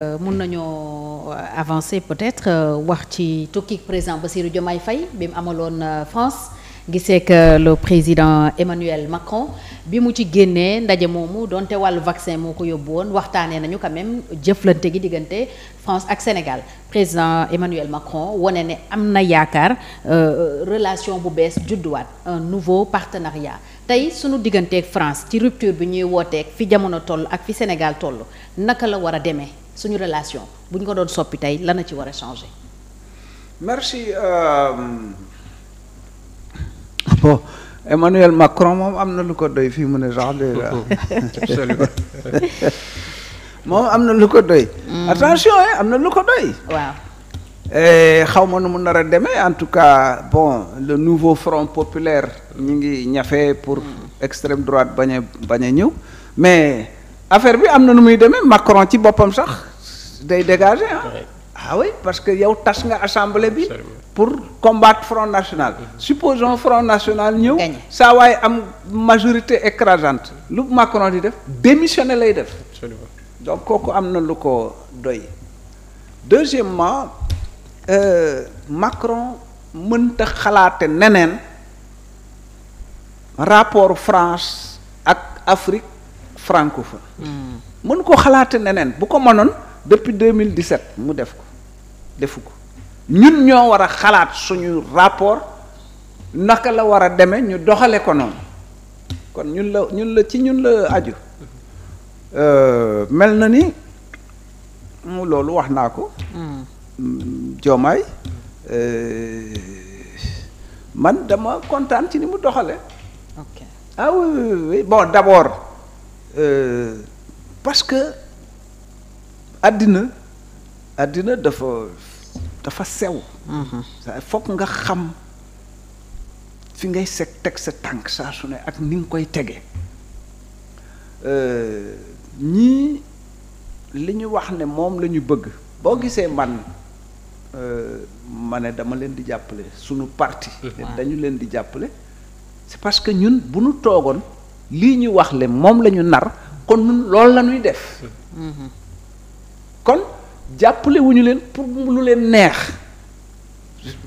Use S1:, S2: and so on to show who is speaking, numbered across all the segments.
S1: Euh, mun nañoo euh, avancer peut-être euh, wax ci tukki président Bassirou Diomaye fay bi mu amaloon France gisee que le président Emmanuel Macron bi mu ci génnee ndaje moomu donte wàllu vaccin moo ko yóbbu woon waxtaanee nañu quand même jëflante gi diggante France ak Sénégal président Emmanuel Macron wane ne am na yaakaar relation bu bees judduwaat un nouveau partenariat tey sunu digganteeg France ci rupture bi ñuy wooteeg fi jamono toll ak fi Sénégal toll naka la war a demee. suñu relation bu ñu ko doon soppi tey lana ci war a changer. merci euh, ah bon Emmanuel Macron moom am na lu ko doy fii mu ne sax déjà moom am na lu ko doy. Mm. attention am na lu ko doy. Eh, xaw ma nu mu nar a demee en tout cas bon le nouveau front populaire ñu ngi ñafe pour mm. extrême droite bañ a bañ ñëw mais affaire bi am na nu muy demee Macron ci boppam sax. day dégager ah. ah parce que yow tas nga assemblée bi. pour combattre front national. Mm-hmm. supposons front national ñëw. saa waaye am majorité écrasante. lu Macron di def démissionné lay def. donc kooku am na lu ko doy. deuxièmement euh, Macron mënta xalaate neneen rapport France ak Afrique francophone. Hmm. mën ko xalaate neneen bu ko mënoon. depuis 2017 mu def ko defu ko ñun ñoo war a xalaat suñu rapport naka la war a demee ñu doxale ko noonu kon ñun la ñun la ci ñun la aju euh, mel na ni mu loolu wax naa ko hmm. Diomaye euh, man dama kontaan ci ni mu doxale ok ah oui, oui, àddina àddina dafa dafa sew mm-hmm. foog nga xam fi ngay seg teg sa tànk saa su ne ak ni nga koy tege euh, ñii li ñu wax ne moom la ñu bëgg boo gisee man euh, ma ne dama leen di jàppale suñu parti mm-hmm. dañu leen di jàppale c'est parce que ñun bu ñu toogoon lii ñu wax le moom la ñu nar kon ñun loolu la ñuy def mm-hmm. kon jàppalewuñu leen pour lu leen neex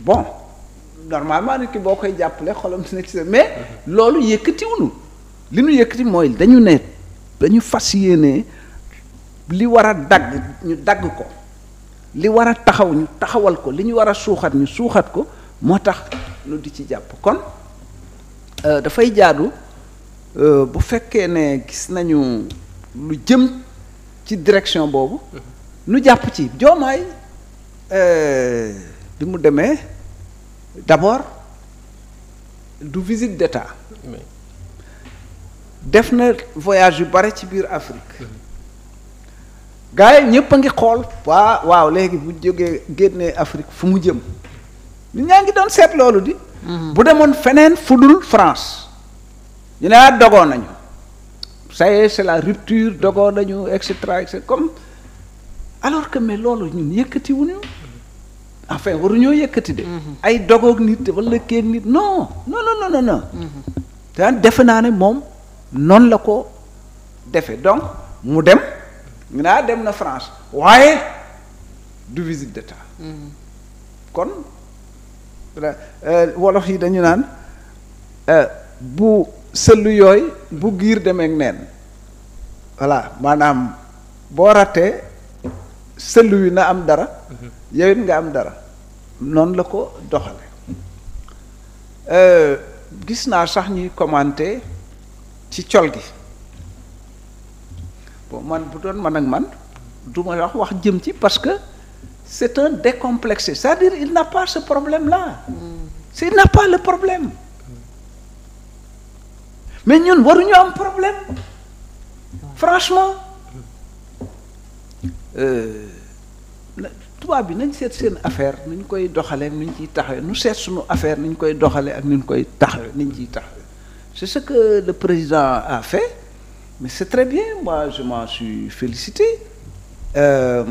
S1: bon normalement nit ki boo koy jàppale xolam dina ci mais loolu yëkkatiwunu li ñu yëkkati mooy dañu ne dañu fas yéene li war a dagg ñu dagg ko li war a taxaw ñu taxawal ko li ñu war a suuxat ñu suuxat ko moo tax ñu di ci jàpp kon euh, dafay jaadu euh, bu fekkee ne gis nañu lu jëm ci direction boobu mhm. nu jàpp ci joomaay euh, bi mu demee d'abord du visite d'état def na voyage yu bare ci biir Afrique mm-hmm. gars yi ñëpp a ngi xool waa waaw léegi bu jógee génnee Afrique fu mu jëm nit ñaa ngi doon seet loolu di mm-hmm. bu demoon feneen fu dul France ñu ne ah dogoon nañu ça y est c'est la rupture dogoon nañu et cetera comme alors que mais loolu ñun yëkkati wuñu enfin waruñoo yëkkati de. Mhm. ay dogoog nit wala keeg nit non non non non non. Mhm. daan defe naa ne moom noonu la ko defe donc mu dem naa dem na France waaye du visite d'état mhm. kon euh, wolof yi dañu naan euh, bu sëlu yooy bu giir demeek neen voilà maanaam boo rattee sëll na am dara mhm. yow nga am dara noonu la ko doxale euh, gis naa sax ñuy commenter ci col gi bon man bu doon man ak man du ma wax wax jëm ci parce que c'est un décomplexé c'est-à-dire il n'a pas ce problème-là mm. c'est il n'a pas le problème mm. mais ñun waruñu am problème franchement Euh, tubaab bi nañ seet seen affaire nuñ koy doxalee ak nuñ ciy taxawee nu seet suñu affaire nuñ koy doxalee ak nuñ koy taxawee nuñ ciy taxawee c'est ce que le président a fait mais c'est très bien moi je m'en suis félicité euh,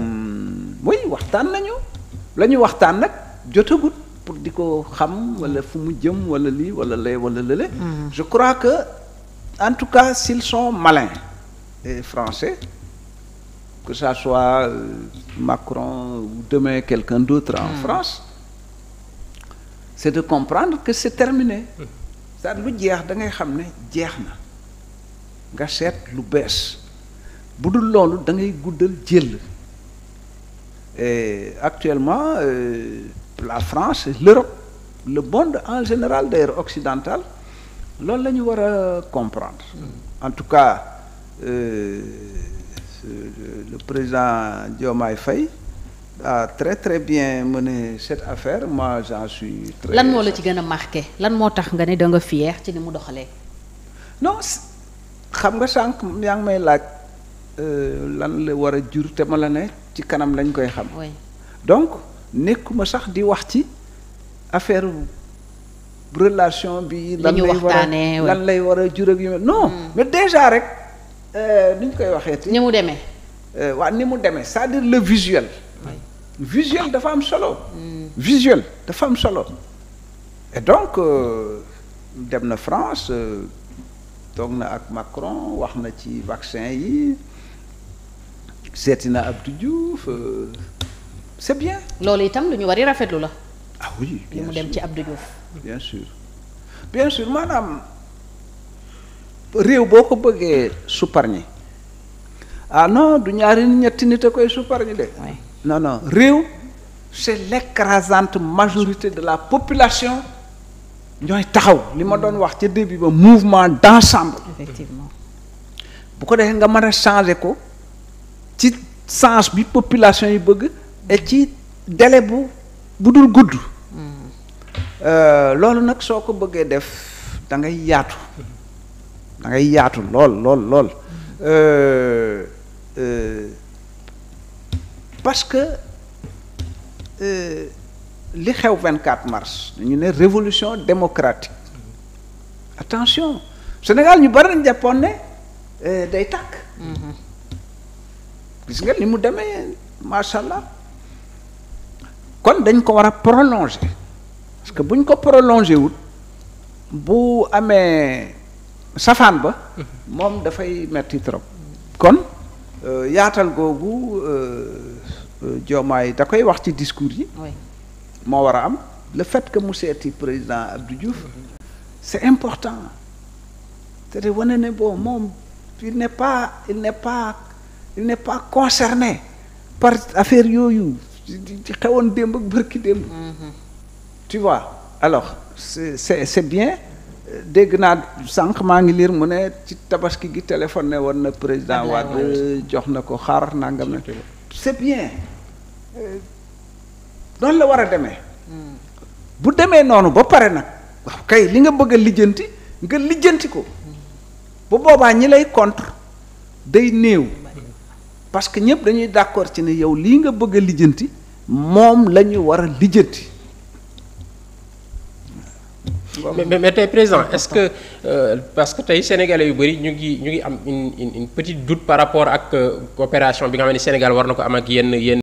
S1: oui waxtaan nañu la ñu waxtaan nag jotagut pour di ko xam wala fu mu jëm wala lii wala lee wala lële mm-hmm. je crois que en tout cas s'ils son malins les Français que ça soit Macron ou demain quelqu'un d'autre en hmm. France c'est de comprendre que c'est terminé cest hmm. à lu jeex da ngay xam ne jeex na nga seet lu bees bu dul loolu da ngay guddal jël et actuellement euh, la France l'Europe le monde en général d'ailleurs occidental loolu la ñu war a comprendre hmm. en tout cas euh, le président Diomaye Faye a très très bien mené cette affaire moi j'en suis très lan moo la ci gën a marqué lan moo tax nga ni da nga fier ci ni mu doxalee non xam nga sànq yaa ngi may laaj euh, lan la war a jur te ma la ne ci kanam lañ koy xam donc nekkuma sax di wax ci affaire relation bi lan lay lan lay war a jur ak hmm. mais déjà rek Euh, ni ñu koy waxeeti. ni mu demee. Euh, waa ni mu demee c'est-à-dire le visuel. visuel dafa am solo. Mm. visuel dafa am solo. et donc euh, dem na France toog na ak Macron wax na ci vaccin yi seeti na Abdou Diouf c'est bien. loolu itam lu ñu war a rafetlu la. ah oui bien sûr dem ci Abdou Diouf. bien sûr maanaam. réew boo ko bëggee supparñi ah non du ñaari ñetti nit a koy supparñi de non non réew c'est l'écrasante majorité de la population ñooy taxaw li ma doon wax ca début ba mouvement d'ensemble effectivement bu ko defee nga mën a changer ko ci sens bi population yi bëgg et ci délai bu bu dul gudd hmm. euh, loolu nag soo ko bëggee def da ngay yaatu da ngay yaatu lool lool lool euh, euh, parce que euh, li xew 24 mars ñu ne révolution démocratique attention Sénégal ñu bari nañ jàppoon ne day takk mhm. gis nga ni mu demee macha allah kon dañ ko war a prolonger parce que bu ko prolonger wut bu amee safaan ba moom dafay metti trop kon euh, yaatal googu euh, euh, Diomaye da koy wax ci discours yi moo war a am le fait que mu seeti président Abdou Diouf c'est important c'est de wane ne bon moom il ne pas il n'est pas il n'est pas concerné par affaire yooyu ci xewoon démb ak bërki démb mm-hmm. tu alors c'est c'est c'est bien dégg naa sànq maa ngi liir mu ne ci tabaski gi téléphoné woon na président Wade jox na ko xaar nangam na c'est bien euh, noonu la war a demee hmm. bu demee noonu ba pare nag waaw kay li nga bëgg a lijjanti nga lijjanti ko bu boobaa ñi lay contre day néew parce que ñëpp dañuy d'accord ci ne yow lii nga bëgg a lijjanti moom la ñu war a lijjanti mais mais tey président est-ce que euh, parce que tey sénégalais yu bëri ñu ngi ñu ngi am un une petite doute par rapport ak coopération euh, bi nga xam ne Sénégal war na ko am ak yenn yenn.